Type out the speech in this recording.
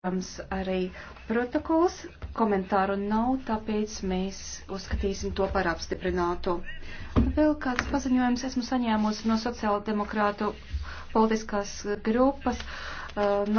Protams, arī protokols komentāru nav, tāpēc mēs uzskatīsim to par apstiprinātu. Vēl kāds paziņojums esmu saņēmusi no sociāla demokrātu politiskās grupas. Uh, no